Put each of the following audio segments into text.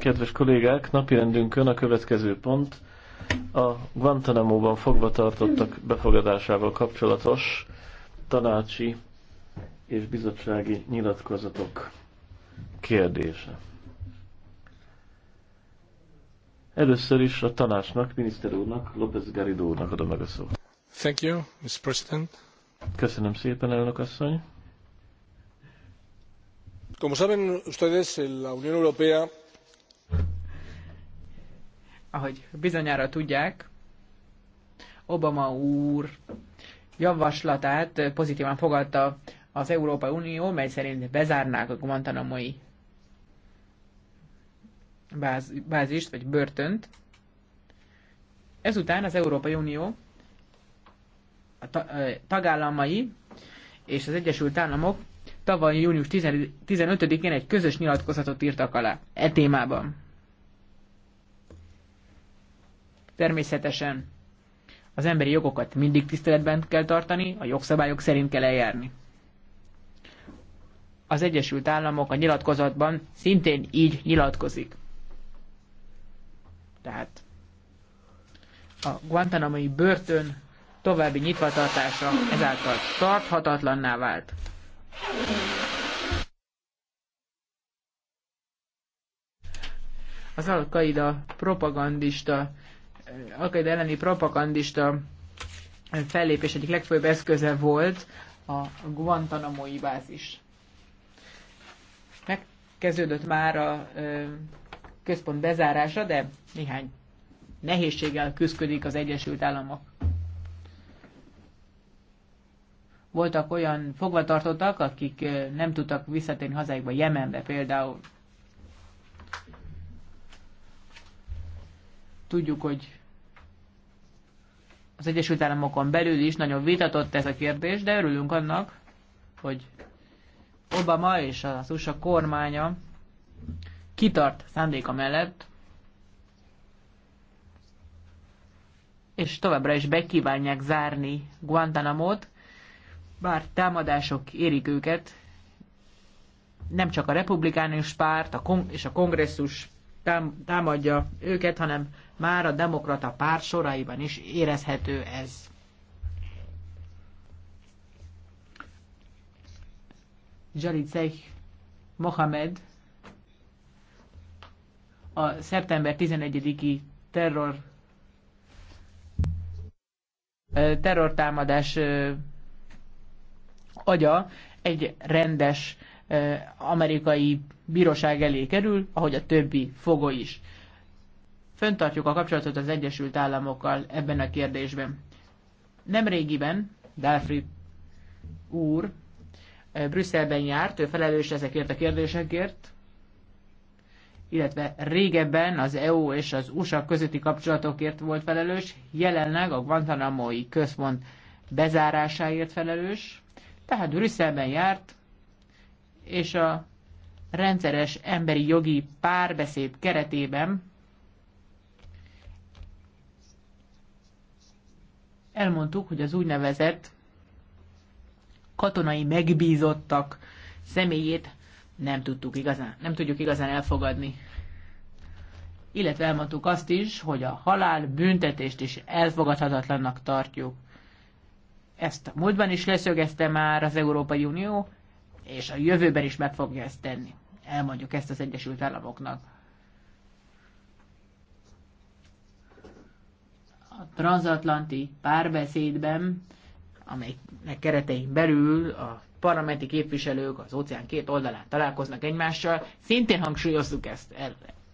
Kedves kollégák, napirendünkön a következő pont a Guantanamo-ban fogva tartottak befogadásával kapcsolatos tanácsi és bizottsági nyilatkozatok kérdése. Először is a tanácsnak, miniszter úrnak, López Garrido úrnak adom meg a szót. Thank you, Mr. President. Köszönöm szépen, elnök asszony. Como saben ustedes, la Unión Europea ahogy bizonyára tudják, Obama úr javaslatát pozitívan fogadta az Európai Unió, mely szerint bezárnák a Guantanamo-i báz, bázist, vagy börtönt. Ezután az Európai Unió a tagállamai és az Egyesült Államok tavaly június 15-én egy közös nyilatkozatot írtak alá e témában. Természetesen az emberi jogokat mindig tiszteletben kell tartani, a jogszabályok szerint kell eljárni. Az Egyesült Államok a nyilatkozatban szintén így nyilatkozik. Tehát a guantanamai i börtön további nyitvatartása ezáltal tarthatatlanná vált. Az al propagandista, al elleni propagandista fellépés egyik legfőbb eszköze volt a Guantanamo-i bázis. Megkezdődött már a központ bezárása, de néhány nehézséggel küzdik az Egyesült Államok. Voltak olyan fogvatartottak, akik nem tudtak visszatérni hazáikba, Jemenbe például. Tudjuk, hogy az Egyesült Államokon belül is nagyon vitatott ez a kérdés, de örülünk annak, hogy Obama és az USA kormánya kitart szándéka mellett, és továbbra is bekívánják zárni Guantanamo-t, bár támadások érik őket, nem csak a republikánus párt a és a kongresszus tám- támadja őket, hanem már a demokrata párt soraiban is érezhető ez. Jalicek Mohamed a szeptember 11-i terror terrortámadás agya egy rendes amerikai bíróság elé kerül, ahogy a többi fogó is. Föntartjuk a kapcsolatot az Egyesült Államokkal ebben a kérdésben. Nemrégiben Delfrid úr Brüsszelben járt, ő felelős ezekért a kérdésekért, illetve régebben az EU és az USA közötti kapcsolatokért volt felelős, jelenleg a Guantanamo-i központ bezárásáért felelős, tehát Brüsszelben járt, és a rendszeres emberi jogi párbeszéd keretében elmondtuk, hogy az úgynevezett katonai megbízottak személyét nem tudtuk igazán, nem tudjuk igazán elfogadni. Illetve elmondtuk azt is, hogy a halál büntetést is elfogadhatatlannak tartjuk. Ezt a múltban is leszögezte már az Európai Unió, és a jövőben is meg fogja ezt tenni. Elmondjuk ezt az Egyesült Államoknak. A transatlanti párbeszédben, amelynek keretein belül a parlamenti képviselők az óceán két oldalán találkoznak egymással, szintén hangsúlyozzuk ezt,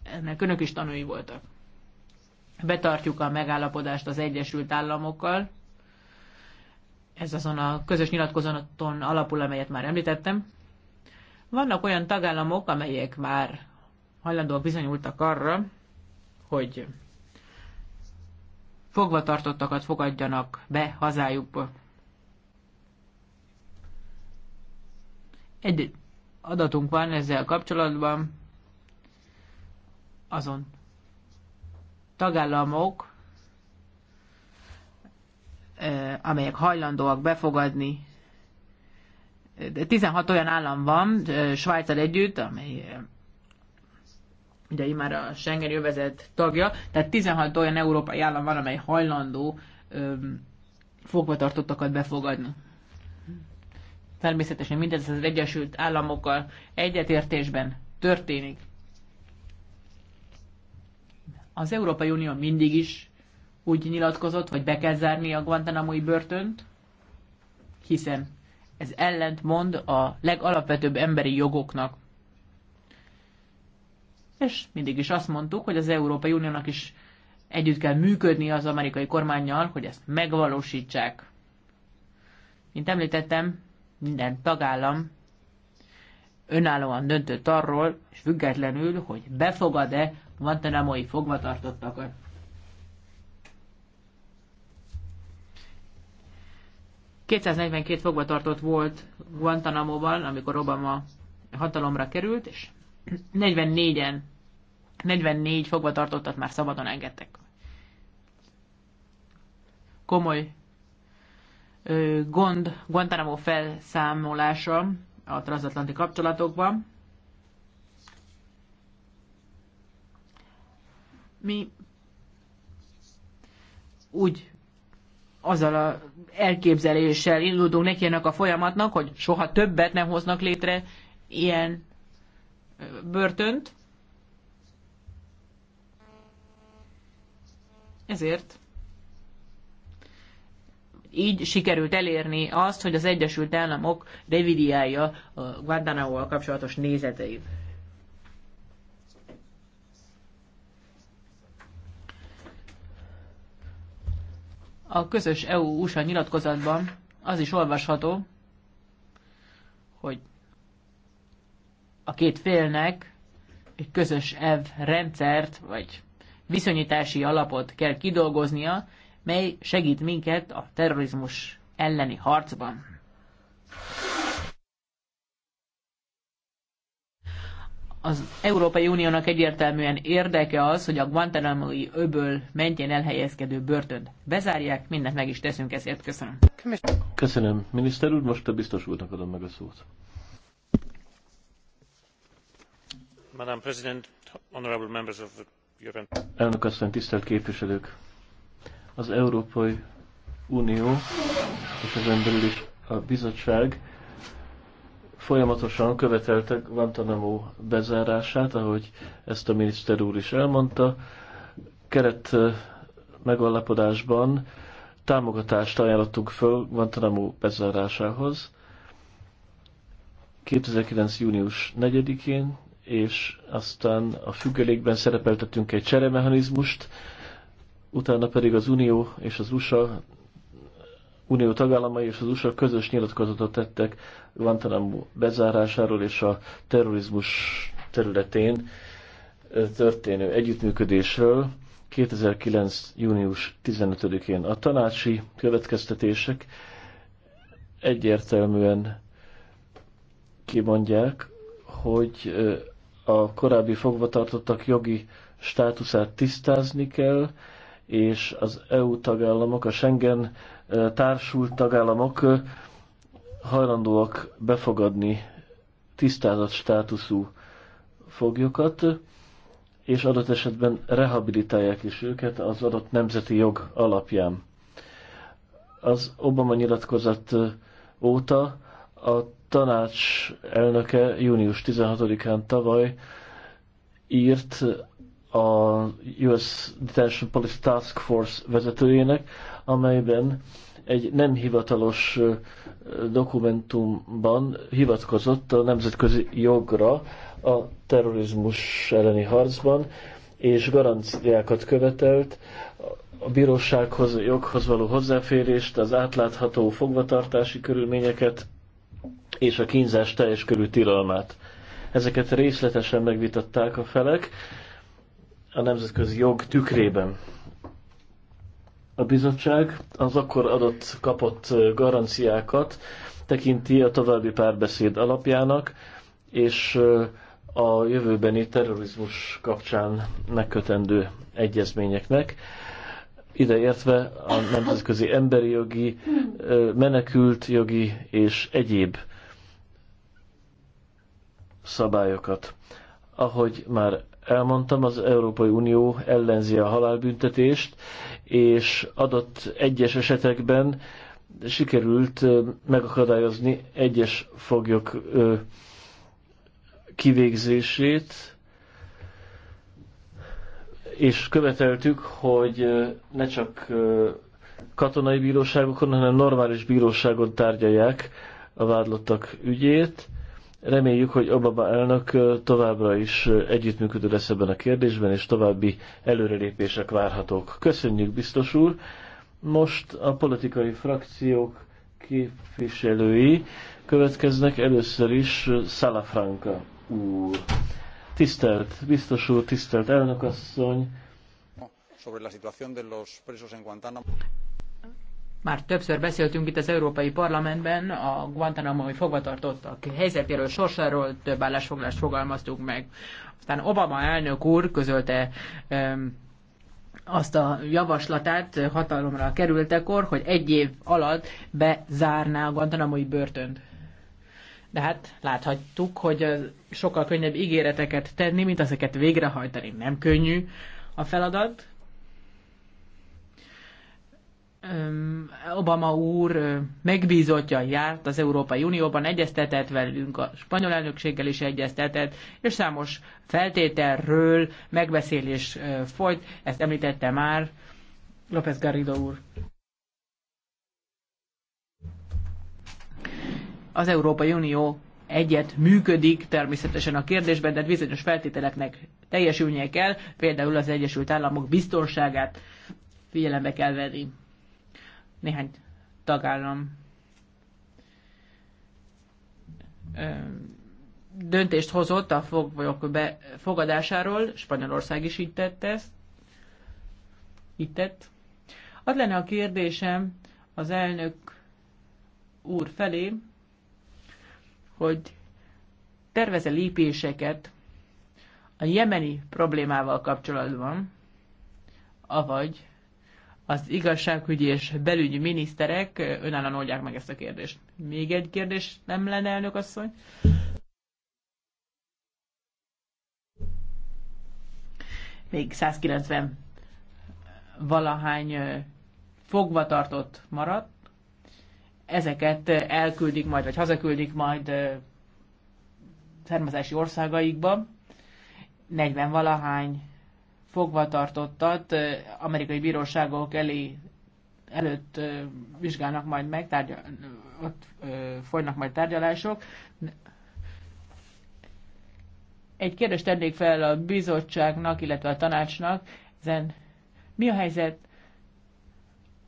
ennek önök is tanúi voltak. Betartjuk a megállapodást az Egyesült Államokkal, ez azon a közös nyilatkozaton alapul, amelyet már említettem. Vannak olyan tagállamok, amelyek már hajlandóak bizonyultak arra, hogy fogvatartottakat fogadjanak be hazájukba. Egy adatunk van ezzel kapcsolatban, azon tagállamok, amelyek hajlandóak befogadni. 16 olyan állam van Svájccal együtt, amely ugye már a Schengen övezet tagja, tehát 16 olyan európai állam van, amely hajlandó fogvatartottakat befogadni. Természetesen mindez az Egyesült Államokkal egyetértésben történik. Az Európai Unió mindig is úgy nyilatkozott, hogy be kell zárni a Guantanamo-i börtönt, hiszen ez ellentmond a legalapvetőbb emberi jogoknak. És mindig is azt mondtuk, hogy az Európai Uniónak is együtt kell működni az amerikai kormányjal, hogy ezt megvalósítsák. Mint említettem, minden tagállam önállóan döntött arról, és függetlenül, hogy befogad-e Guantanamo-i fogvatartottakat. 242 fogvatartott volt Guantanamo-ban, amikor Obama hatalomra került, és 44-en, 44 fogvatartottat már szabadon engedtek. Komoly ö, gond Guantanamo felszámolása a transatlanti kapcsolatokban. Mi úgy azzal a elképzeléssel indultunk neki ennek a folyamatnak, hogy soha többet nem hoznak létre ilyen börtönt. Ezért így sikerült elérni azt, hogy az Egyesült Államok revidiálja a Guantanamo-val kapcsolatos nézeteit. A közös EU-USA nyilatkozatban az is olvasható, hogy a két félnek egy közös EV rendszert, vagy viszonyítási alapot kell kidolgoznia, mely segít minket a terrorizmus elleni harcban. az Európai Uniónak egyértelműen érdeke az, hogy a Guantanamo-i öböl mentén elhelyezkedő börtönt bezárják, mindent meg is teszünk ezért. Köszönöm. Köszönöm. Miniszter úr, most a biztos úrnak adom meg a szót. Madam President, honorable members of the European... Elnök asszony, tisztelt képviselők! Az Európai Unió és az emberül is a bizottság folyamatosan követelte Guantanamo bezárását, ahogy ezt a miniszter úr is elmondta. Keret megalapodásban támogatást ajánlottunk föl Guantanamo bezárásához 2009. június 4-én, és aztán a függelékben szerepeltettünk egy cseremechanizmust, utána pedig az Unió és az USA Unió tagállamai és az USA közös nyilatkozatot tettek Guantanamo bezárásáról és a terrorizmus területén történő együttműködésről 2009. június 15-én. A tanácsi következtetések egyértelműen kimondják, hogy a korábbi fogvatartottak jogi státuszát tisztázni kell, és az EU tagállamok a Schengen társult tagállamok hajlandóak befogadni tisztázat státuszú foglyokat, és adott esetben rehabilitálják is őket az adott nemzeti jog alapján. Az Obama nyilatkozat óta a tanács elnöke június 16-án tavaly írt a US Detention Policy Task Force vezetőjének, amelyben egy nem hivatalos dokumentumban hivatkozott a nemzetközi jogra a terrorizmus elleni harcban, és garanciákat követelt a bírósághoz, a joghoz való hozzáférést, az átlátható fogvatartási körülményeket és a kínzás teljes körű tilalmát. Ezeket részletesen megvitatták a felek, a nemzetközi jog tükrében. A bizottság az akkor adott, kapott garanciákat tekinti a további párbeszéd alapjának, és a jövőbeni terrorizmus kapcsán megkötendő egyezményeknek, ideértve a nemzetközi emberi jogi, menekült jogi és egyéb szabályokat. Ahogy már elmondtam, az Európai Unió ellenzi a halálbüntetést, és adott egyes esetekben sikerült megakadályozni egyes foglyok kivégzését, és követeltük, hogy ne csak katonai bíróságokon, hanem normális bíróságon tárgyalják a vádlottak ügyét. Reméljük, hogy Obama elnök továbbra is együttműködő lesz ebben a kérdésben, és további előrelépések várhatók. Köszönjük, biztos úr! Most a politikai frakciók képviselői következnek először is Salafranca úr. Tisztelt biztos úr, tisztelt elnökasszony! Már többször beszéltünk itt az Európai Parlamentben a Guantanamo-i fogvatartottak helyzetéről, sorsáról, több állásfoglalást fogalmaztuk meg. Aztán Obama elnök úr közölte um, azt a javaslatát hatalomra kerültekor, hogy egy év alatt bezárná a Guantanamo-i börtönt. De hát láthattuk, hogy sokkal könnyebb ígéreteket tenni, mint ezeket végrehajtani. Nem könnyű a feladat, Obama úr megbízottja járt az Európai Unióban, egyeztetett velünk, a spanyol elnökséggel is egyeztetett, és számos feltételről megbeszélés folyt, ezt említette már López Garrido úr. Az Európai Unió egyet működik természetesen a kérdésben, de hát bizonyos feltételeknek teljesülnie kell, például az Egyesült Államok biztonságát figyelembe kell venni néhány tagállam döntést hozott a foglyok befogadásáról, Spanyolország is így tett ezt. Így tett. Az lenne a kérdésem az elnök úr felé, hogy terveze lépéseket a jemeni problémával kapcsolatban, avagy az igazságügyi és belügyi miniszterek önállóan oldják meg ezt a kérdést. Még egy kérdés nem lenne, elnök asszony? Még 190 valahány fogvatartott maradt. Ezeket elküldik majd, vagy hazaküldik majd származási országaikba. 40 valahány fogvatartottat amerikai bíróságok elé előtt vizsgálnak majd meg, tárgyal, ott folynak majd tárgyalások. Egy kérdést tennék fel a bizottságnak, illetve a tanácsnak, ezen mi a helyzet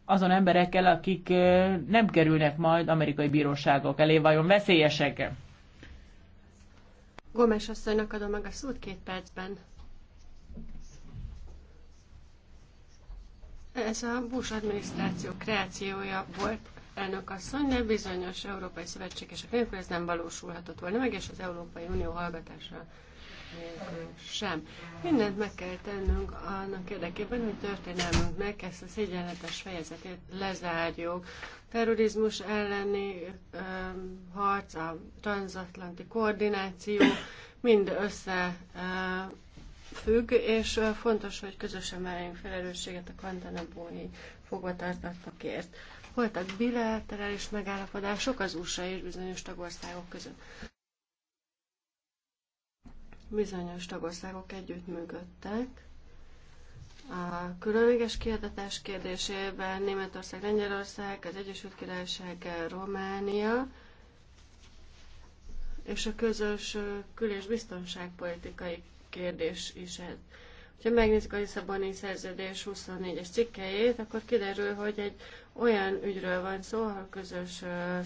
azon emberekkel, akik nem kerülnek majd amerikai bíróságok elé, vajon veszélyesek -e? Gomes asszonynak adom meg a szót két percben. Ez a Bush adminisztráció kreációja volt, elnök asszony, de bizonyos európai szövetségesek nélkül ez nem valósulhatott volna meg, és az Európai Unió hallgatása nélkül sem. Mindent meg kell tennünk annak érdekében, hogy történelmünknek ezt a szégyenletes fejezetét lezárjuk. Terrorizmus elleni ö, harc, a transatlanti koordináció mind össze ö, függ, és fontos, hogy közösen vállaljunk felelősséget a Guantanamo-i Voltak bilaterális megállapodások az USA és bizonyos tagországok között. Bizonyos tagországok együtt működtek. A különleges kiadatás kérdésében Németország, Lengyelország, az Egyesült Királyság, Románia és a közös kül- és biztonságpolitikai kérdés is ez. Ha megnézzük a Lisszaboni szerződés 24-es cikkejét, akkor kiderül, hogy egy olyan ügyről van szó, ahol közös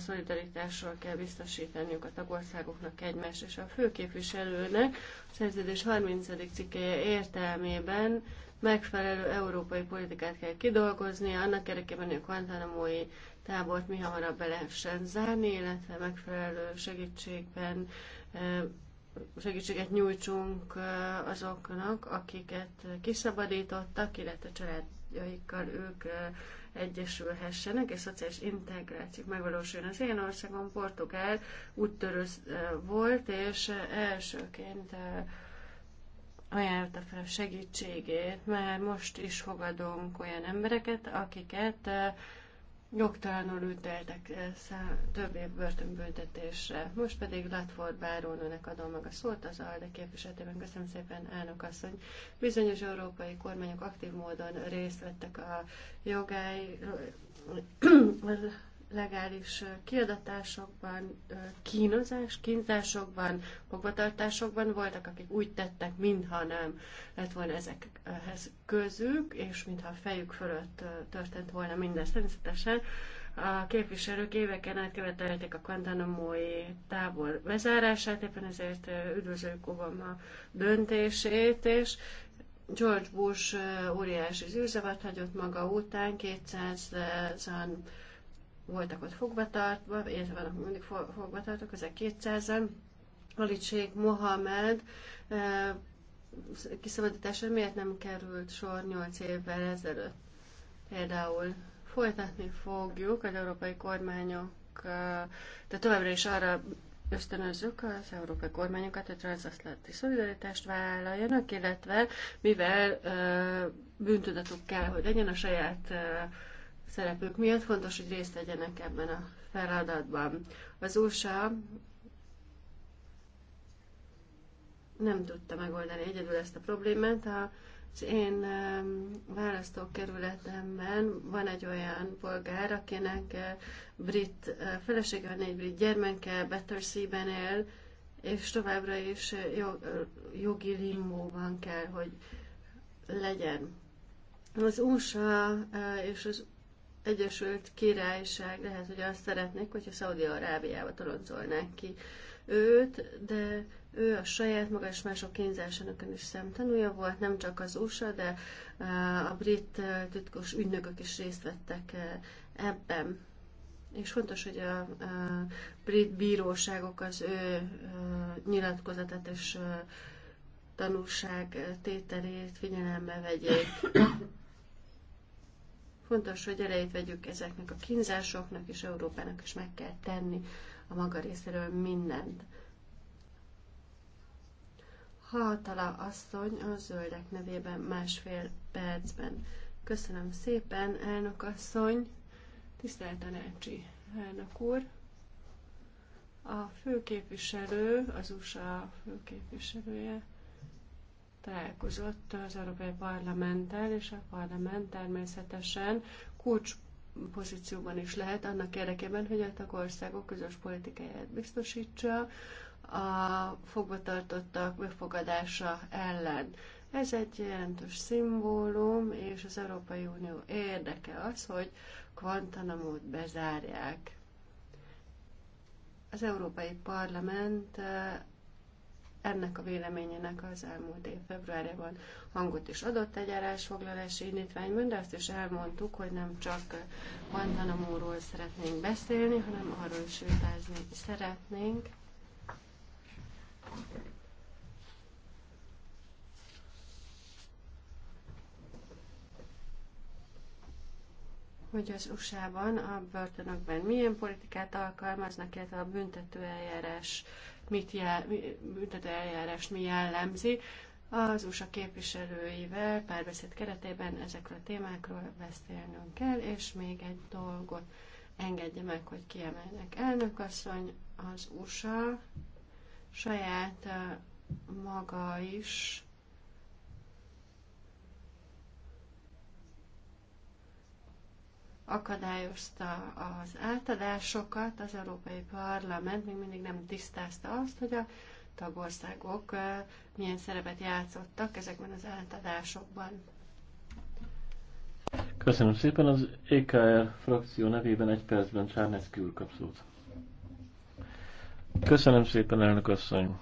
szolidaritásról kell biztosítaniuk a tagországoknak egymást, és a főképviselőnek a szerződés 30. cikkeje értelmében megfelelő európai politikát kell kidolgozni, annak érdekében, hogy a Guantanamo-i tábort mi hamarabb be lehessen zárni, illetve megfelelő segítségben segítséget nyújtsunk azoknak, akiket kiszabadítottak, illetve családjaikkal ők egyesülhessenek, és szociális integráció megvalósuljon. Az én országom Portugál úttörő volt, és elsőként ajánlotta fel a segítségét, mert most is fogadunk olyan embereket, akiket jogtalanul ülteltek eh, több év börtönbüntetésre. Most pedig Latford bárónőnek adom meg a szót az ALDE képviseletében. Köszönöm szépen, elnök asszony. Bizonyos európai kormányok aktív módon részt vettek a jogály legális kiadatásokban, kínozás, kínzásokban, fogvatartásokban voltak, akik úgy tettek, mintha nem lett volna ezekhez közük, és mintha a fejük fölött történt volna mindez. Természetesen a képviselők éveken át követelték a Guantanamo-i tábor bezárását, éppen ezért üdvözöljük Obama döntését, és George Bush óriási zűrzavat hagyott maga után, 200-an voltak ott fogvatartva, illetve vannak mindig fogvatartók, ezek 200-an. Halitsék Mohamed eh, kiszabadítása miért nem került sor 8 évvel ezelőtt? Például folytatni fogjuk az európai kormányok, eh, de továbbra is arra ösztönözzük az európai kormányokat, hogy transatlanti szolidaritást vállaljanak, illetve mivel eh, bűntudatuk kell, hogy legyen a saját szerepük miatt fontos, hogy részt vegyenek ebben a feladatban. Az USA nem tudta megoldani egyedül ezt a problémát. Az én választókerületemben van egy olyan polgár, akinek eh, brit eh, felesége van, egy brit gyermeke, Battersea-ben él, és továbbra is eh, jogi limóban kell, hogy legyen. Az USA és az Egyesült Királyság lehet, hogy azt szeretnék, hogyha Szaudi-Arábiába toloncolnák ki őt, de ő a saját maga és mások kínzásának is szemtanúja volt, nem csak az USA, de eh, a brit eh, titkos ügynökök is részt vettek eh, ebben. És fontos, hogy a, a brit bíróságok az ő nyilatkozatát és tanúság tételét figyelembe vegyék. Fontos, hogy elejét vegyük ezeknek a kínzásoknak, és Európának is meg kell tenni a maga részéről mindent. Hatala asszony a zöldek nevében másfél percben. Köszönöm szépen, elnök asszony, tisztelt tanácsi elnök úr. A főképviselő, az USA főképviselője, találkozott az Európai Parlamenttel, és a parlament természetesen kulcs pozícióban is lehet annak érdekében, hogy a tagországok közös politikáját biztosítsa a fogvatartottak befogadása ellen. Ez egy jelentős szimbólum, és az Európai Unió érdeke az, hogy Guantanamo-t bezárják. Az Európai Parlament ennek a véleményének az elmúlt év februárjában hangot is adott egy állásfoglalási indítványban, de azt is elmondtuk, hogy nem csak Guantanamo-ról szeretnénk beszélni, hanem arról is vitázni szeretnénk, hogy az USA-ban a börtönökben milyen politikát alkalmaznak, illetve a büntető eljárás mit jel, büntető eljárás mi jellemzi. Az USA képviselőivel párbeszéd keretében ezekről a témákról beszélnünk kell, és még egy dolgot engedje meg, hogy kiemelnek. Elnökasszony, az USA saját eh, maga is akadályozta az átadásokat, az Európai Parlament még mindig nem tisztázta azt, hogy a tagországok milyen szerepet játszottak ezekben az átadásokban. Köszönöm szépen. Az EKR frakció nevében egy percben Csárnecki úr kapszót. Köszönöm szépen, elnök asszony.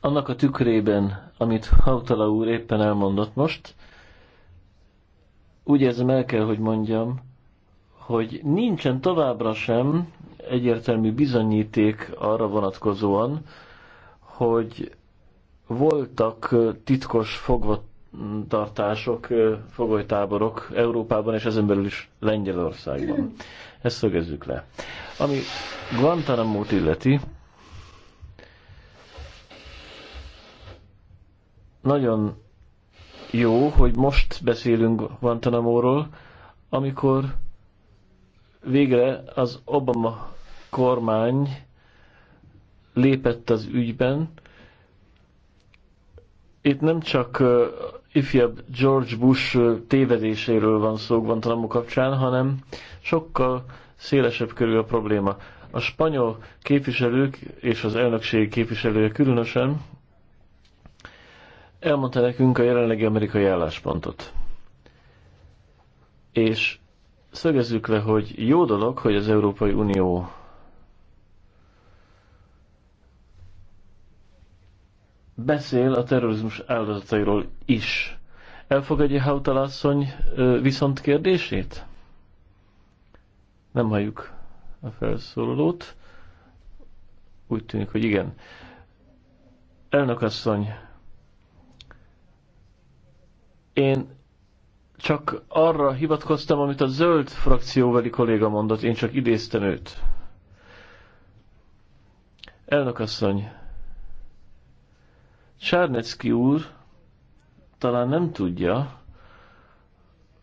annak a tükrében, amit Hautala úr éppen elmondott most, úgy ez el kell, hogy mondjam, hogy nincsen továbbra sem egyértelmű bizonyíték arra vonatkozóan, hogy voltak titkos fogvatartások, fogolytáborok Európában és ezen belül is Lengyelországban. Ezt szögezzük le. Ami Guantanamo-t illeti, nagyon jó, hogy most beszélünk Guantanamo-ról, amikor végre az Obama kormány lépett az ügyben. Itt nem csak ifjabb George Bush tévedéséről van szó Guantanamo kapcsán, hanem sokkal szélesebb körül a probléma. A spanyol képviselők és az elnökségi képviselője különösen elmondta nekünk a jelenlegi amerikai álláspontot. És szögezzük le, hogy jó dolog, hogy az Európai Unió beszél a terrorizmus áldozatairól is. Elfogadja asszony viszont kérdését? Nem halljuk a felszólalót. Úgy tűnik, hogy igen. asszony, én csak arra hivatkoztam, amit a zöld frakcióveli kolléga mondott, én csak idéztem őt. Elnökasszony, Csárnecki úr talán nem tudja,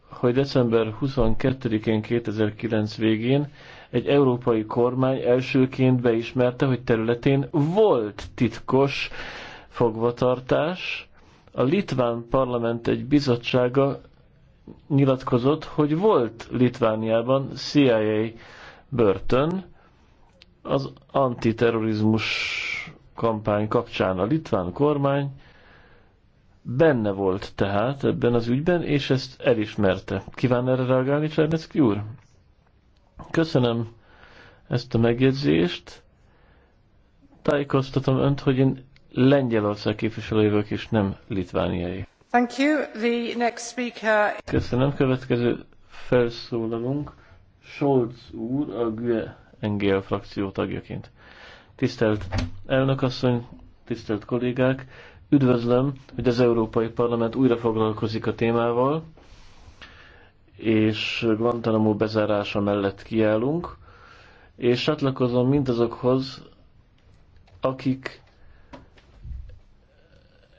hogy december 22-én 2009 végén egy európai kormány elsőként beismerte, hogy területén volt titkos fogvatartás, a litván parlament egy bizottsága nyilatkozott, hogy volt Litvániában CIA börtön az antiterrorizmus kampány kapcsán. A litván kormány benne volt tehát ebben az ügyben, és ezt elismerte. Kíván erre reagálni, Csernecki úr? Köszönöm ezt a megjegyzést. Tájékoztatom önt, hogy én Lengyelország képviselőjövök, és nem Litvániai. Thank you. The next speaker... Köszönöm. Következő felszólalunk Scholz úr, a GUE NGL frakció tagjaként. Tisztelt elnökasszony, tisztelt kollégák, üdvözlöm, hogy az Európai Parlament újra foglalkozik a témával, és Guantanamo bezárása mellett kiállunk, és csatlakozom mindazokhoz, akik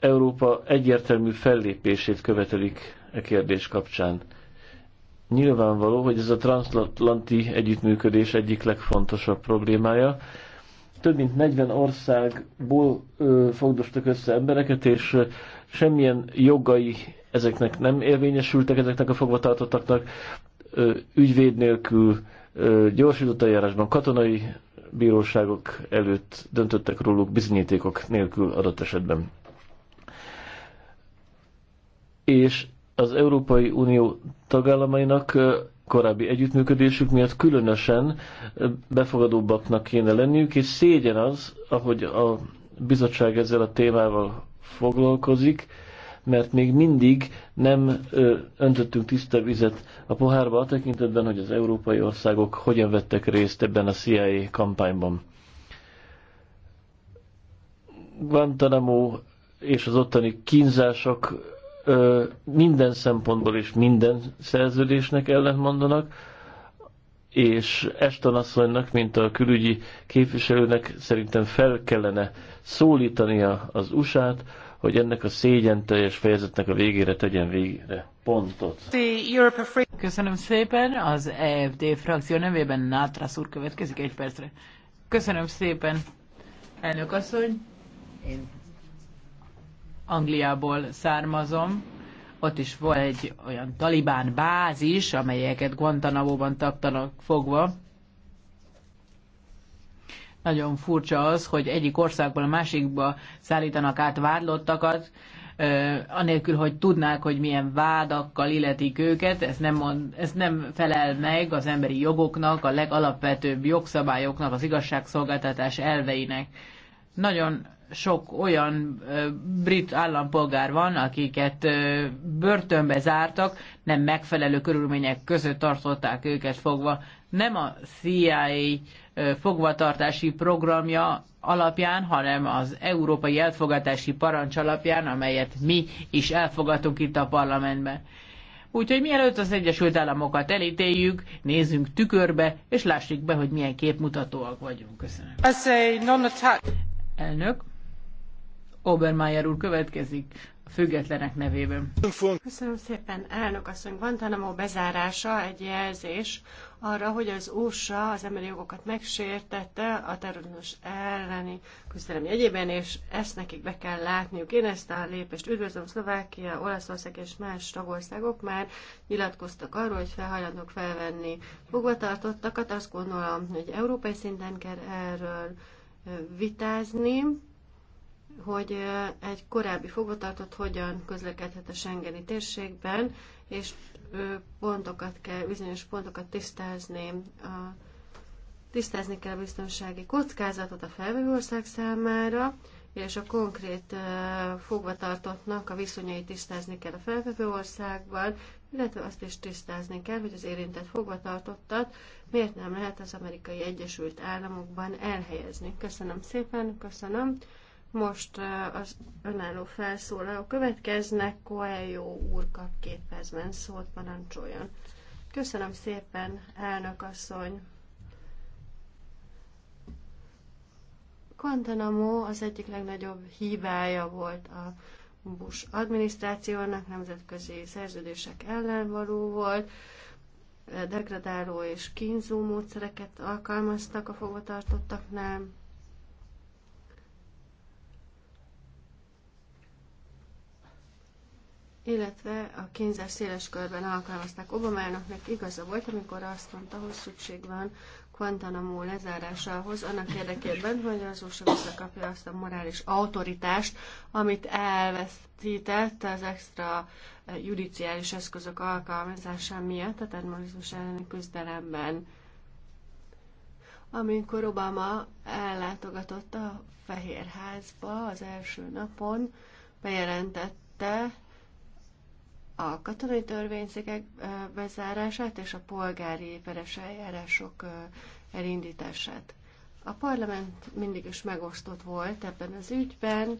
Európa egyértelmű fellépését követelik e kérdés kapcsán. Nyilvánvaló, hogy ez a transatlanti együttműködés egyik legfontosabb problémája. Több mint 40 országból ö, fogdostak össze embereket, és ö, semmilyen jogai ezeknek nem érvényesültek, ezeknek a fogvatartottaknak ö, ügyvéd nélkül, ö, gyorsított eljárásban, katonai bíróságok előtt döntöttek róluk bizonyítékok nélkül adott esetben és az Európai Unió tagállamainak korábbi együttműködésük miatt különösen befogadóbbaknak kéne lenniük, és szégyen az, ahogy a bizottság ezzel a témával foglalkozik, mert még mindig nem öntöttünk tiszta vizet a pohárba a tekintetben, hogy az európai országok hogyan vettek részt ebben a CIA kampányban. Guantanamo és az ottani kínzások minden szempontból és minden szerződésnek ellentmondanak, és Eston asszonynak, mint a külügyi képviselőnek szerintem fel kellene szólítania az USA-t, hogy ennek a szégyen teljes fejezetnek a végére tegyen végre pontot. Köszönöm szépen, az EFD frakció nevében Nátrasz úr következik egy percre. Köszönöm szépen, elnök asszony. Én Angliából származom, ott is volt egy olyan talibán bázis, amelyeket Guantanamo-ban taptanak fogva. Nagyon furcsa az, hogy egyik országból a másikba szállítanak át vádlottakat, anélkül, hogy tudnák, hogy milyen vádakkal illetik őket, ez nem, mond, ez nem felel meg az emberi jogoknak, a legalapvetőbb jogszabályoknak, az igazságszolgáltatás elveinek. Nagyon sok olyan brit állampolgár van, akiket börtönbe zártak, nem megfelelő körülmények között tartották őket fogva. Nem a CIA fogvatartási programja alapján, hanem az európai elfogadási parancs alapján, amelyet mi is elfogadtunk itt a parlamentben. Úgyhogy mielőtt az Egyesült Államokat elítéljük, nézzünk tükörbe, és lássuk be, hogy milyen képmutatóak vagyunk. Köszönöm. Elnök. Obermeier úr következik a függetlenek nevében. Köszönöm szépen, elnök asszony. Guantanamo bezárása egy jelzés arra, hogy az USA az emberi jogokat megsértette a terrorizmus elleni küzdelem jegyében, és ezt nekik be kell látniuk. Én ezt a lépést üdvözlöm, Szlovákia, Olaszország és más tagországok már nyilatkoztak arról, hogy felhajlandók felvenni fogvatartottakat. Azt gondolom, hogy európai szinten kell erről vitázni hogy egy korábbi fogvatartott hogyan közlekedhet a Schengeni térségben, és pontokat kell, bizonyos pontokat tisztázni, a, tisztázni kell a biztonsági kockázatot a felvevő ország számára, és a konkrét fogvatartottnak a viszonyait tisztázni kell a felvevő országban, illetve azt is tisztázni kell, hogy az érintett fogvatartottat miért nem lehet az amerikai Egyesült Államokban elhelyezni. Köszönöm szépen, köszönöm. Most az önálló felszólaló következnek. Koeljó úr kap két percben szót, parancsoljon. Köszönöm szépen, elnök asszony. Guantanamo az egyik legnagyobb hibája volt a Bush adminisztrációnak, nemzetközi szerződések ellen való volt, degradáló és kínzó módszereket alkalmaztak a fogvatartottaknál, illetve a kínzás széles körben alkalmazták. Obama elnöknek igaza volt, amikor azt mondta, hogy szükség van Guantanamo lezárásához, annak érdekében, hogy az USA visszakapja azt a morális autoritást, amit elvesztített az extra eh, judiciális eszközök alkalmazása miatt a terrorizmus elleni küzdelemben. Amikor Obama ellátogatott a Fehérházba az első napon, bejelentette, a katonai törvényszékek bezárását és a polgári peres eljárások elindítását. A parlament mindig is megosztott volt ebben az ügyben,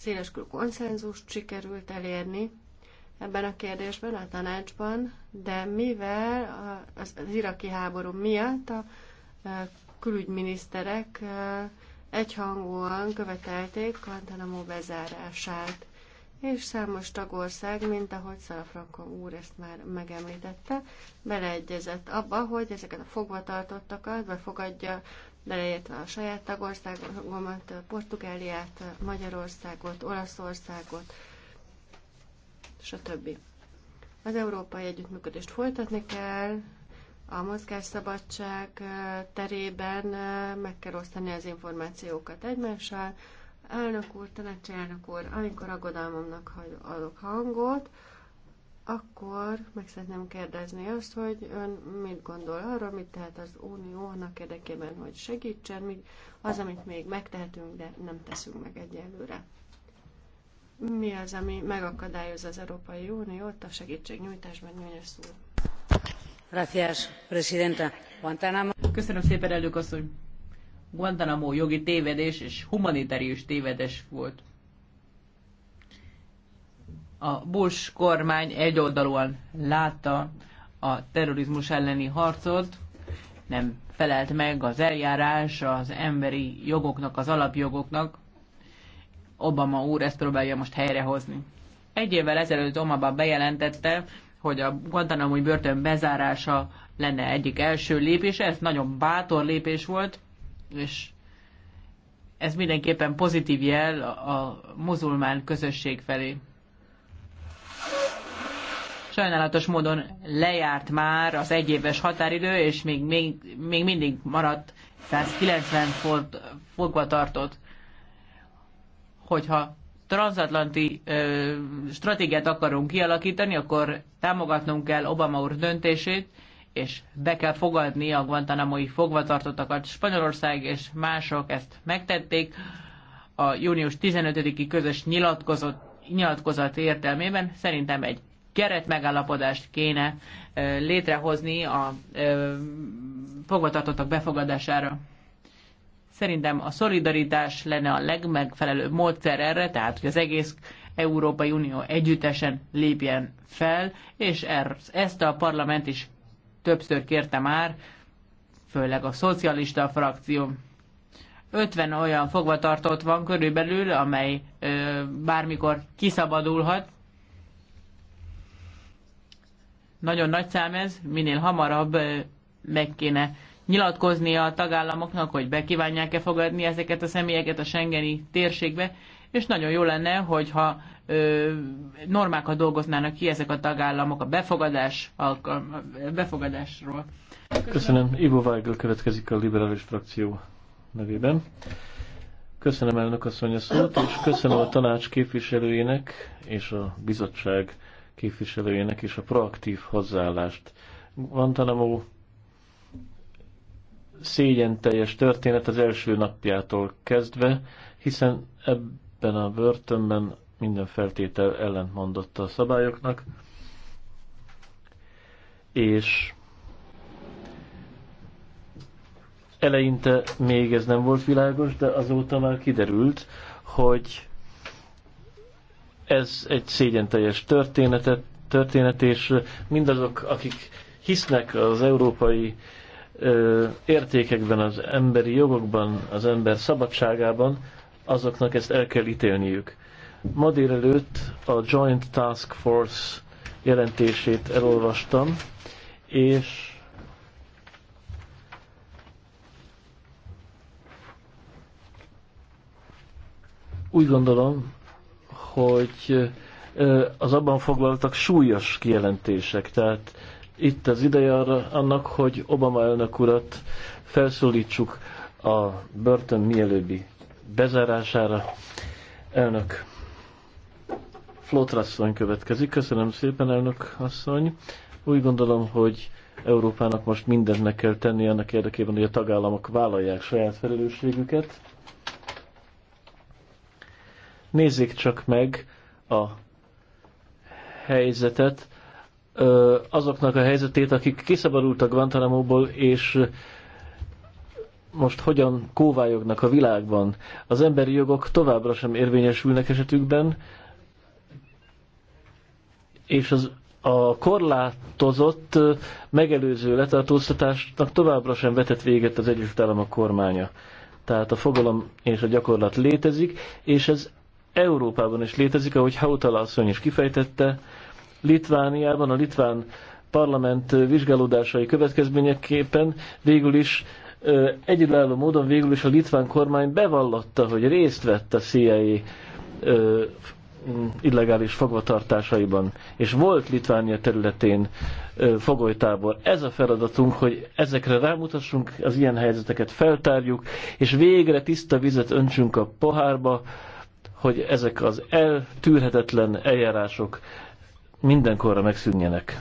széleskörű konszenzust sikerült elérni ebben a kérdésben, a tanácsban, de mivel az iraki háború miatt a külügyminiszterek egyhangúan követelték Guantanamo bezárását és számos tagország, mint ahogy Szalafranka úr ezt már megemlítette, beleegyezett abba, hogy ezeket a fogvatartottakat befogadja, beleértve a saját tagországomat, Portugáliát, Magyarországot, Olaszországot, stb. Az európai együttműködést folytatni kell, a mozgásszabadság eh, terében eh, meg kell osztani az információkat egymással, Elnök úr, elnök úr, amikor aggodalmamnak adok hangot, akkor meg szeretném kérdezni azt, hogy ön mit gondol arra, mit tehet az Unió annak érdekében, hogy segítsen, mi az, amit még megtehetünk, de nem teszünk meg egyelőre. Mi az, ami megakadályozza az Európai Uniót a segítségnyújtásban, Nyújnyes úr? Gracias, Presidenta. Guantánamo. Köszönöm szépen, elnök asszony. Guantanamo jogi tévedés és humanitárius tévedés volt. A Bush kormány egyoldalúan látta a terrorizmus elleni harcot, nem felelt meg az eljárás az emberi jogoknak, az alapjogoknak. Obama úr ezt próbálja most helyrehozni. Egy évvel ezelőtt Obama bejelentette, hogy a Guantanamo börtön bezárása lenne egyik első lépés, ez nagyon bátor lépés volt, és ez mindenképpen pozitív jel a muzulmán közösség felé. Sajnálatos módon lejárt már az egyéves határidő, és még, még, még mindig maradt 190 fogva tartott, Hogyha transatlanti ö, stratégiát akarunk kialakítani, akkor támogatnunk kell Obama úr döntését, és be kell fogadni a Guantanamo-i fogvatartottakat. Spanyolország és mások ezt megtették. A június 15-i közös nyilatkozat, nyilatkozat értelmében szerintem egy keretmegállapodást kéne létrehozni a fogvatartottak befogadására. Szerintem a szolidaritás lenne a legmegfelelőbb módszer erre, tehát hogy az egész Európai Unió együttesen lépjen fel, és er, ezt a parlament is többször kérte már, főleg a szocialista frakció. 50 olyan fogvatartott van körülbelül, amely ö, bármikor kiszabadulhat. Nagyon nagy szám ez, minél hamarabb ö, meg kéne nyilatkozni a tagállamoknak, hogy bekívánják-e fogadni ezeket a személyeket a Schengeni térségbe, és nagyon jó lenne, hogyha normákat dolgoznának ki ezek a tagállamok a befogadás, a befogadásról. Köszönöm. Köszönöm. Ivo Weigl következik a liberális frakció nevében. Köszönöm elnök asszony a szót, és köszönöm a tanács képviselőjének és a bizottság képviselőjének is a proaktív hozzáállást. Guantanamo szégyen teljes történet az első napjától kezdve, hiszen ebben a börtönben minden feltétel ellentmondott a szabályoknak, és eleinte még ez nem volt világos, de azóta már kiderült, hogy ez egy szégyen teljes történetet, történet, és mindazok, akik hisznek az európai ö, értékekben, az emberi jogokban, az ember szabadságában, azoknak ezt el kell ítélniük. Ma délelőtt a Joint Task Force jelentését elolvastam, és úgy gondolom, hogy az abban foglaltak súlyos kijelentések. Tehát itt az ideje arra, annak, hogy Obama elnök urat felszólítsuk a börtön mielőbbi bezárására. Elnök, Flotrasszony következik. Köszönöm szépen, elnök asszony. Úgy gondolom, hogy Európának most mindent meg kell tenni annak érdekében, hogy a tagállamok vállalják saját felelősségüket. Nézzék csak meg a helyzetet, azoknak a helyzetét, akik kiszabadultak Guantanamo-ból, és most hogyan kóvályognak a világban. Az emberi jogok továbbra sem érvényesülnek esetükben, és az, a korlátozott megelőző letartóztatásnak továbbra sem vetett véget az Egyesült Államok kormánya. Tehát a fogalom és a gyakorlat létezik, és ez Európában is létezik, ahogy Hautala asszony is kifejtette. Litvániában a litván parlament vizsgálódásai következményeképpen végül is egyedülálló módon végül is a litván kormány bevallotta, hogy részt vett a CIA Mm, illegális fogvatartásaiban, és volt Litvánia területén fogolytábor. Ez a feladatunk, hogy ezekre rámutassunk, az ilyen helyzeteket feltárjuk, és végre tiszta vizet öntsünk a pohárba, hogy ezek az eltűrhetetlen eljárások mindenkorra megszűnjenek.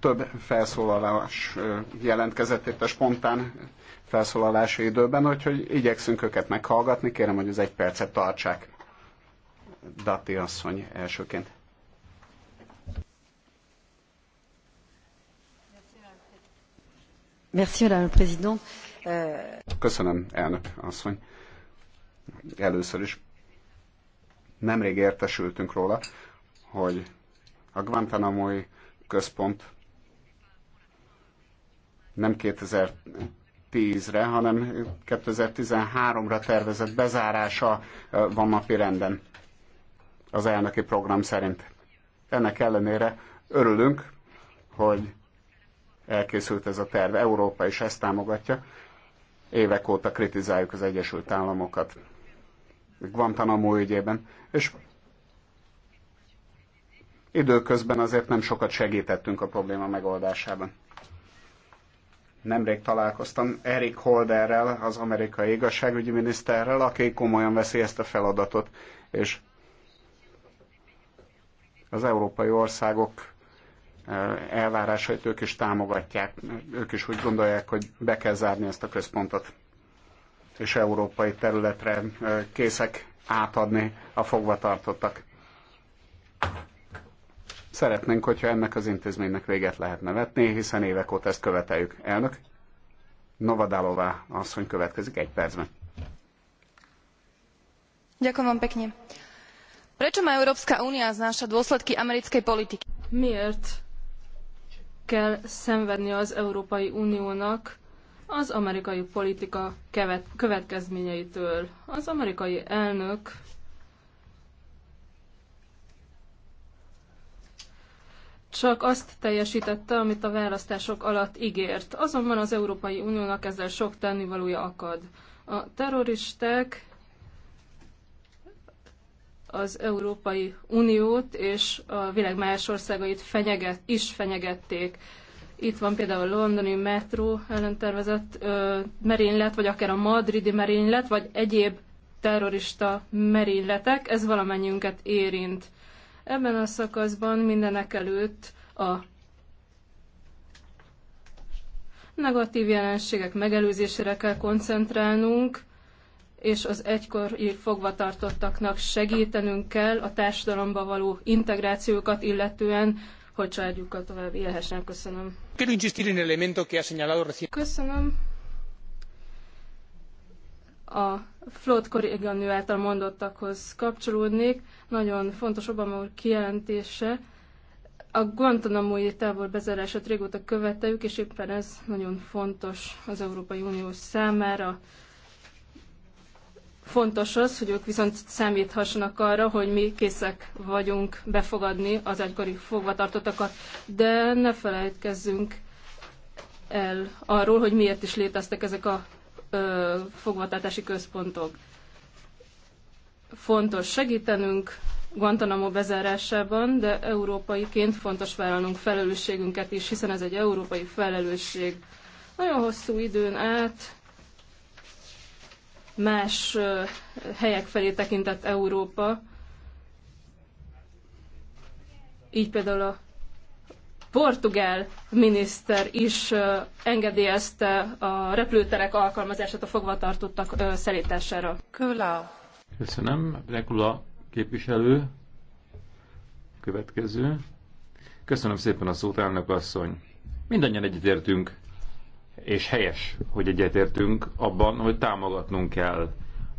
Több felszólalás jelentkezett itt a spontán felszólalási időben, úgyhogy igyekszünk őket meghallgatni. Kérem, hogy az egy percet tartsák. Dati asszony elsőként. Merci, Madame le Président. Euh, Köszönöm, elnök asszony. Először is nemrég értesültünk róla, hogy a guantanamo központ nem 2010-re, hanem 2013-ra tervezett bezárása van napi renden az elnöki program szerint. Ennek ellenére örülünk, hogy elkészült ez a terv. Európa is ezt támogatja. Évek óta kritizáljuk az Egyesült Államokat Guantanamo ügyében, és időközben azért nem sokat segítettünk a probléma megoldásában. Nemrég találkoztam Eric Holderrel, az amerikai igazságügyi miniszterrel, aki komolyan veszi ezt a feladatot, és az európai országok eh, elvárásait ők is támogatják, ők is úgy gondolják, hogy be kell zárni ezt a központot, és európai területre eh, készek átadni a fogvatartottak. Szeretnénk, hogyha ennek az intézménynek véget lehetne vetni, hiszen évek óta ezt követeljük. Elnök, Novadálová asszony következik egy percben. Ďakujem vám pekne prečo má európska únia znášať dôsledky americkej politiky? miért kell szenvedni az európai uniónak az amerikai politika következményeitől? az amerikai elnök csak azt teljesítette, amit a választások alatt ígért. Azonban az Európai Uniónak ezzel sok tennivalója akad. A terroristák az Európai Uniót és a világ más országait fenyeget, is fenyegették. Itt van például a londoni metró ellentervezett ö, merénylet, vagy akár a madridi merénylet, vagy egyéb terrorista merényletek, ez valamennyiünket érint. Ebben a szakaszban mindenek előtt a negatív jelenségek megelőzésére kell koncentrálnunk, és az egykori fogvatartottaknak segítenünk kell a társadalomba való integrációkat illetően, hogy családjukkal tovább élhessenek. Köszönöm. Köszönöm. A Flót kolléganő által mondottakhoz kapcsolódnék. Nagyon fontos Obama úr kijelentése. A Guantanamo-i tábor bezárását régóta követeljük, és éppen ez nagyon fontos az Európai Unió számára. Fontos az, hogy ők viszont számíthassanak arra, hogy mi készek vagyunk befogadni az egykori fogvatartottakat, de ne felejtkezzünk el arról, hogy miért is léteztek ezek a ö, fogvatartási központok. Fontos segítenünk Guantanamo bezárásában, de európaiként fontos vállalnunk felelősségünket is, hiszen ez egy európai felelősség. Nagyon hosszú időn át más helyek felé tekintett Európa. Így például a portugál miniszter is engedélyezte a repülőterek alkalmazását a fogvatartottak szelítására. Köszönöm. Rekula képviselő. Következő. Köszönöm szépen a szót, elnök asszony. Mindannyian egyetértünk és helyes, hogy egyetértünk abban, hogy támogatnunk kell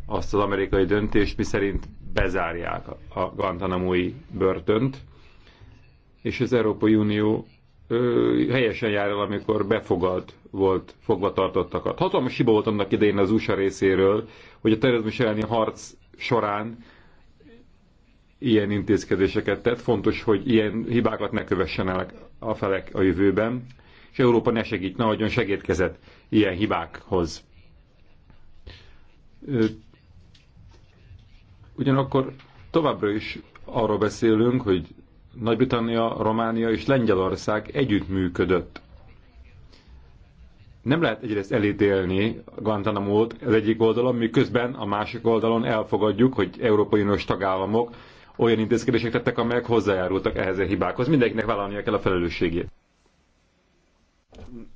azt az amerikai döntést, miszerint bezárják a Guantanamo-i börtönt, és az Európai Unió ö, helyesen jár el, amikor befogad volt fogvatartottakat. Hatalmas hiba volt annak idején az USA részéről, hogy a terrorizmus elleni harc során ilyen intézkedéseket tett. Fontos, hogy ilyen hibákat ne kövessenek a felek a jövőben és Európa ne segít, ne adjon segédkezet ilyen hibákhoz. Ugyanakkor továbbra is arról beszélünk, hogy Nagy-Britannia, Románia és Lengyelország együttműködött. Nem lehet egyrészt elítélni guantanamo az egyik oldalon, miközben a másik oldalon elfogadjuk, hogy Európai Uniós tagállamok olyan intézkedések tettek, amelyek hozzájárultak ehhez a hibákhoz. Mindenkinek vállalnia kell a felelősségét.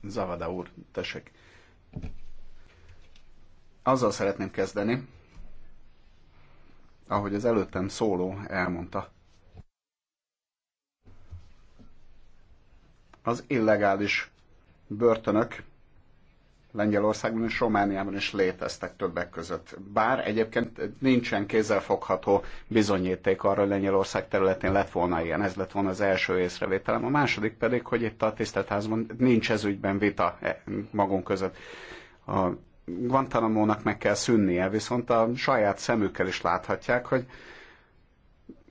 Zavada úr, tessék. Azzal szeretném kezdeni, ahogy az előttem szóló elmondta. Az illegális börtönök Lengyelországban és Romániában is léteztek többek között. Bár egyébként nincsen kézzelfogható bizonyíték arra, hogy Lengyelország területén lett volna ilyen, ez lett volna az első észrevételem. A második pedig, hogy itt a tiszteletházban nincs ez ügyben vita eh, magunk között. A Guantanamo-nak meg kell szűnnie, viszont a saját szemükkel is láthatják, hogy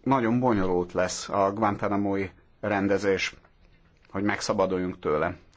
nagyon bonyolult lesz a guantanamo rendezés, hogy megszabaduljunk tőle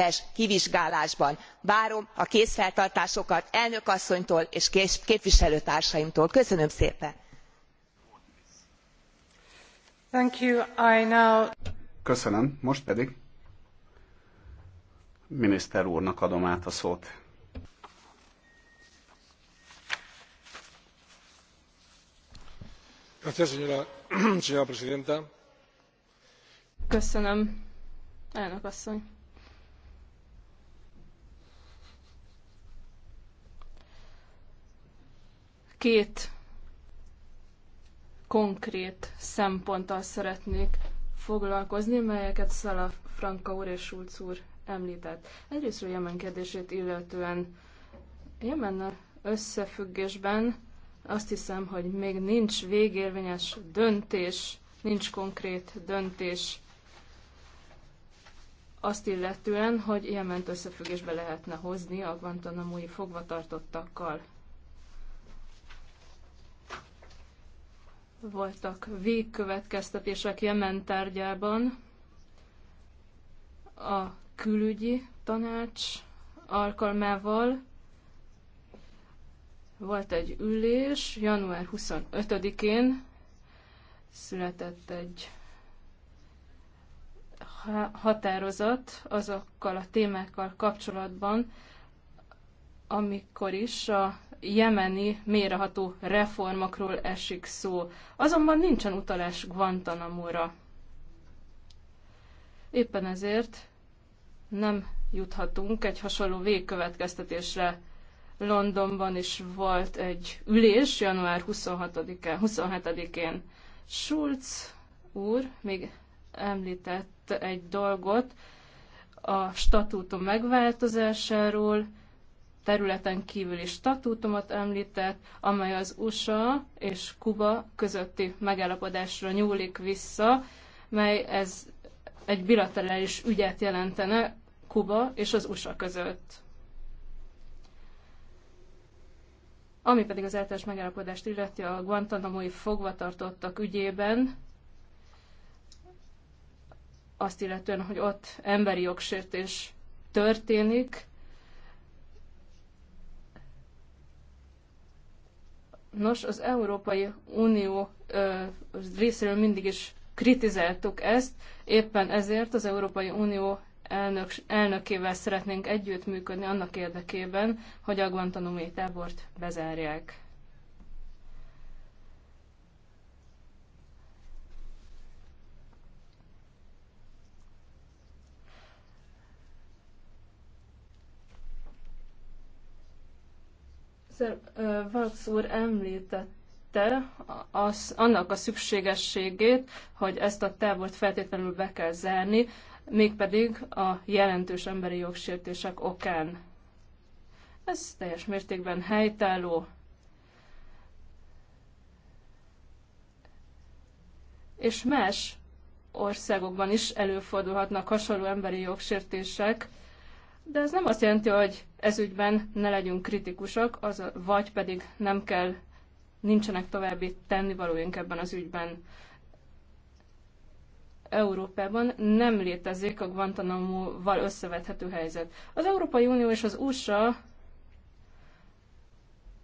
részletes kivizsgálásban. várom a kézfeltartásokat elnök asszonytól és képviselőtársaimtól. köszönöm szépen! Köszönöm. Most pedig miniszter úrnak adom át a szót. Köszönöm, Két konkrét szemponttal szeretnék foglalkozni, melyeket Szala Franka úr és Schulz úr említett. Egyrésztről Jemen kérdését illetően Jemennel összefüggésben azt hiszem, hogy még nincs végérvényes döntés, nincs konkrét döntés azt illetően, hogy Jement összefüggésbe lehetne hozni a Guantanamo-i fogvatartottakkal. voltak végkövetkeztetések Jemen tárgyában. A külügyi tanács alkalmával volt egy ülés, január 25-én született egy határozat azokkal a témákkal kapcsolatban, amikor is a jemeni méreható reformokról esik szó. Azonban nincsen utalás Guantanamo-ra. Éppen ezért nem juthatunk egy hasonló végkövetkeztetésre. Londonban is volt egy ülés január 26-án, 27-én. Schulz úr még említett egy dolgot a statútum megváltozásáról, területen kívüli statútumot említett, amely az USA és Kuba közötti megállapodásra nyúlik vissza, mely ez egy bilaterális ügyet jelentene Kuba és az USA között. Ami pedig az általános megállapodást illeti a Guantanamo-i fogvatartottak ügyében, azt illetően, hogy ott emberi jogsértés történik, Nos, az Európai Unió ö, részéről mindig is kritizáltuk ezt, éppen ezért az Európai Unió elnök, elnökével szeretnénk együttműködni annak érdekében, hogy a Guantánamo-i tábort bezárják. Mr. Valks úr említette az, annak a szükségességét, hogy ezt a tábort feltétlenül be kell zárni, mégpedig a jelentős emberi jogsértések okán. Ez teljes mértékben helytálló. És más országokban is előfordulhatnak hasonló emberi jogsértések, de ez nem azt jelenti, hogy ezügyben ne legyünk kritikusak, az, vagy pedig nem kell, nincsenek további tennivalóink ebben az ügyben. Európában nem létezik a Guantanamo-val összevethető helyzet. Az Európai Unió és az USA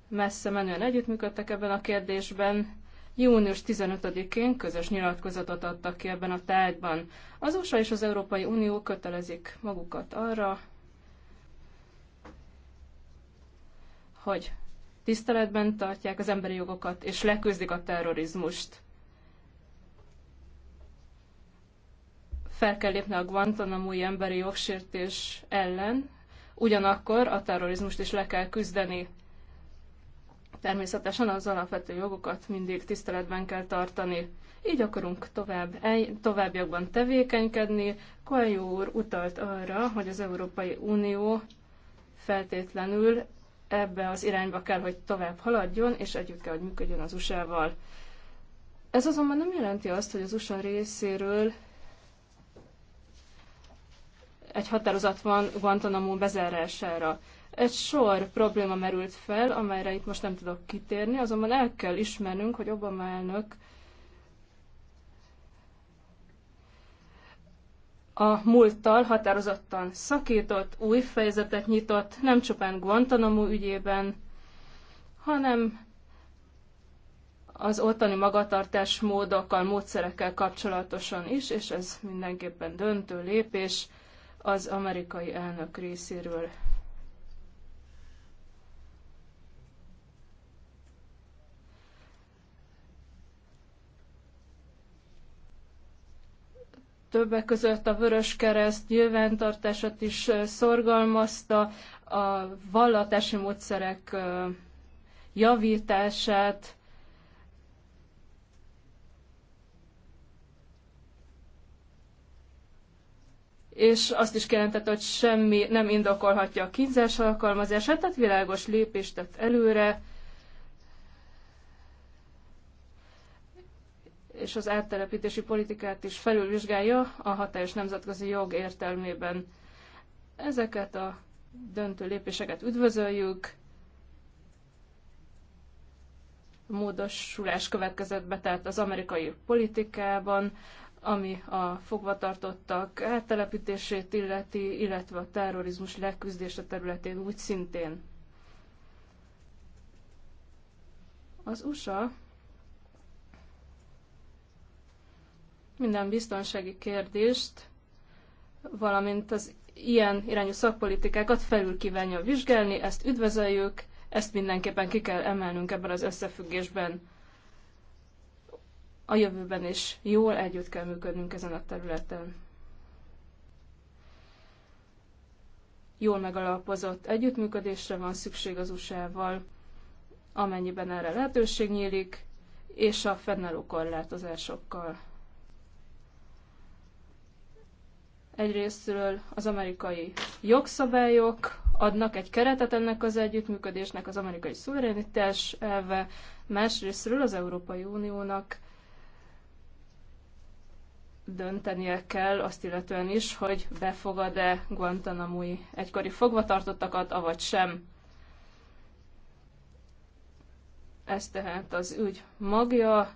messze menően együttműködtek ebben a kérdésben. Június 15-én közös nyilatkozatot adtak ki ebben a tárgyban. Az USA és az Európai Unió kötelezik magukat arra, hogy tiszteletben tartják az emberi jogokat és leküzdik a terrorizmust. Fel kell lépni a Guantanamo-i emberi jogsértés ellen, ugyanakkor a terrorizmust is le kell küzdeni. Természetesen az alapvető jogokat mindig tiszteletben kell tartani. Így akarunk tovább, továbbiakban tevékenykedni. Kajó úr utalt arra, hogy az Európai Unió feltétlenül ebbe az irányba kell, hogy tovább haladjon, és együtt kell, hogy működjön az USA-val. Ez azonban nem jelenti azt, hogy az USA részéről egy határozat van Guantanamo bezárására. Egy sor probléma merült fel, amelyre itt most nem tudok kitérni, azonban el kell ismernünk, hogy Obama elnök a múlttal határozottan szakított, új fejezetet nyitott, nem csupán Guantanamo ügyében, hanem az ottani magatartás módokkal, módszerekkel kapcsolatosan is, és ez mindenképpen döntő lépés az amerikai elnök részéről. Többek között a Vörös Kereszt nyilvántartását is szorgalmazta, a vallatási módszerek javítását, és azt is kijelentette, hogy semmi nem indokolhatja a kínzás alkalmazását, tehát világos lépést tett előre, és az áttelepítési politikát is felülvizsgálja a hatályos nemzetközi jog értelmében. Ezeket a döntő lépéseket üdvözöljük. Módosulás következett be tehát az amerikai politikában, ami a fogvatartottak áttelepítését illeti, illetve a terrorizmus leküzdése területén úgy szintén. Az USA minden biztonsági kérdést, valamint az ilyen irányú szakpolitikákat felül kívánja vizsgálni, ezt üdvözöljük, ezt mindenképpen ki kell emelnünk ebben az összefüggésben. A jövőben is jól együtt kell működnünk ezen a területen. Jól megalapozott együttműködésre van szükség az USA-val, amennyiben erre lehetőség nyílik, és a fennálló korlátozásokkal. Egyrésztről az amerikai jogszabályok adnak egy keretet ennek az együttműködésnek, az amerikai szuverenitás elve, másrésztről az Európai Uniónak döntenie kell azt illetően is, hogy befogad-e Guantanamo-i egykori fogvatartottakat, avagy sem. Ez tehát az ügy magja,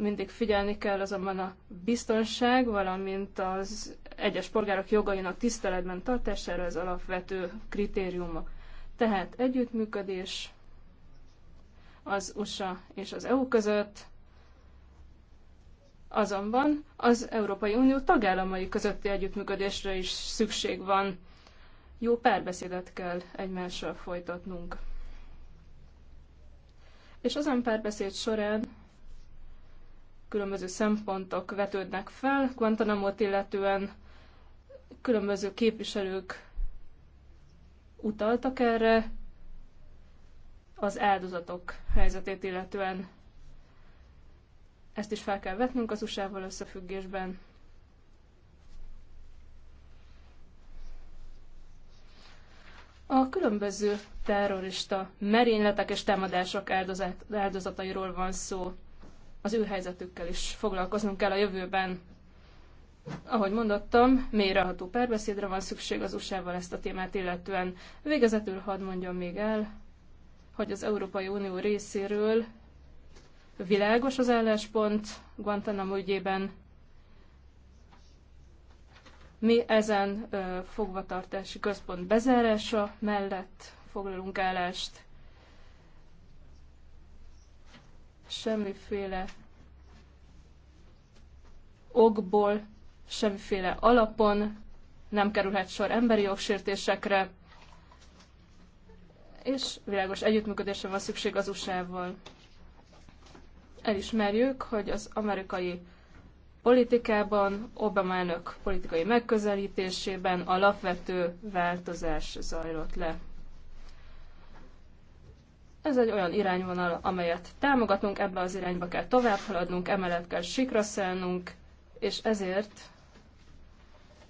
mindig figyelni kell azonban a biztonság, valamint az egyes polgárok jogainak tiszteletben tartására az alapvető kritériuma. Tehát együttműködés az USA és az EU között, azonban az Európai Unió tagállamai közötti együttműködésre is szükség van. Jó párbeszédet kell egymással folytatnunk. És azon párbeszéd során különböző szempontok vetődnek fel. Guantanamo-t illetően különböző képviselők utaltak erre az áldozatok helyzetét illetően. Ezt is fel kell vetnünk az usa összefüggésben. A különböző terrorista merényletek és támadások áldozatairól van szó az ő helyzetükkel is foglalkoznunk kell a jövőben. Ahogy mondottam, mélyreható párbeszédre van szükség az USA-val ezt a témát illetően. Végezetül hadd mondjam még el, hogy az Európai Unió részéről világos az álláspont Guantanamo ügyében. Mi ezen fogvatartási központ bezárása mellett foglalunk állást. semmiféle okból, semmiféle alapon nem kerülhet sor emberi jogsértésekre, és világos együttműködésre van szükség az USA-val. Elismerjük, hogy az amerikai politikában, Obama elnök politikai megközelítésében alapvető változás zajlott le. Ez egy olyan irányvonal, amelyet támogatunk, ebbe az irányba kell tovább haladnunk, emellett kell sikra szállnunk, és ezért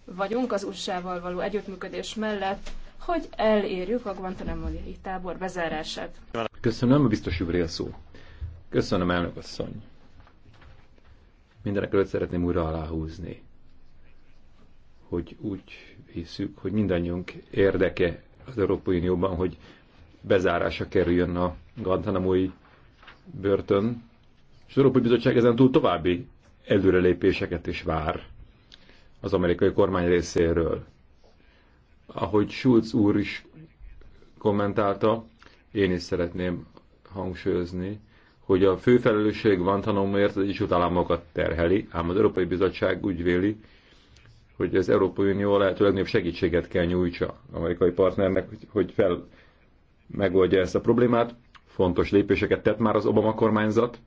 vagyunk az USA-val való együttműködés mellett, hogy elérjük a Guantanamo-i tábor bezárását. Köszönöm, a biztos úr szó. Köszönöm, elnök asszony. Mindenek előtt szeretném újra aláhúzni, hogy úgy hiszük, hogy mindannyiunk érdeke az Európai Unióban, hogy bezárása kerüljön a Guantanamo-i börtön. És az Európai Bizottság ezen túl további előrelépéseket is vár az amerikai kormány részéről. Ahogy Schulz úr is kommentálta, én is szeretném hangsúlyozni, hogy a fő felelősség Guantanamo-ért az Egyesült Államokat terheli, ám az Európai Bizottság úgy véli, hogy az Európai Unió lehetőleg legnagyobb segítséget kell nyújtsa amerikai partnernek, hogy, hogy fel megoldja ezt a problémát. Fontos lépéseket tett már az Obama kormányzat.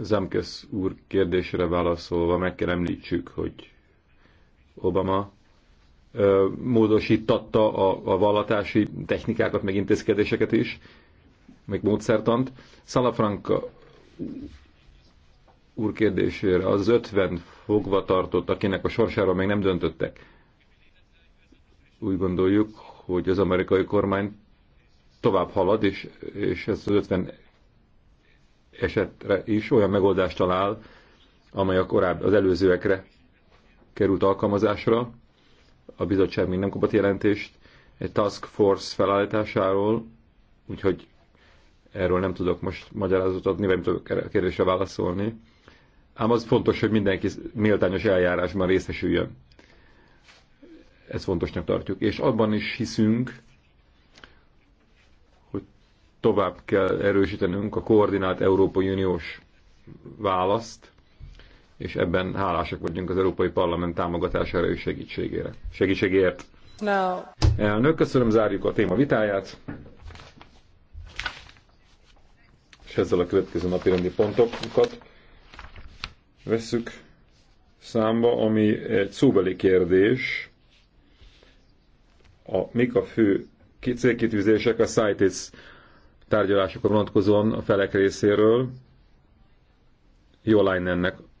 Zemkes úr kérdésre válaszolva meg kell említsük, hogy Obama módosítatta a, a vallatási technikákat, meg intézkedéseket is, meg módszertant. Salafranca úr kérdésére az 50 fogva tartott, akinek a sorsáról még nem döntöttek úgy gondoljuk, hogy az amerikai kormány tovább halad, és, és ez az 50 esetre is olyan megoldást talál, amely a korábbi, az előzőekre került alkalmazásra. A bizottság még nem kapott jelentést egy task force felállításáról, úgyhogy erről nem tudok most magyarázatot adni, vagy nem tudok a kérdésre válaszolni. Ám az fontos, hogy mindenki méltányos eljárásban részesüljön. Ezt fontosnak tartjuk. És abban is hiszünk, hogy tovább kell erősítenünk a koordinált Európai Uniós választ, és ebben hálásak vagyunk az Európai Parlament támogatására és segítségére. Segítségért. No. Elnök, köszönöm, zárjuk a téma vitáját. És ezzel a következő napi rendi pontokat vesszük számba, ami egy szóbeli kérdés, a, mik a fő célkitűzések a CITES tárgyalásokra vonatkozóan a felek részéről. Jó ennek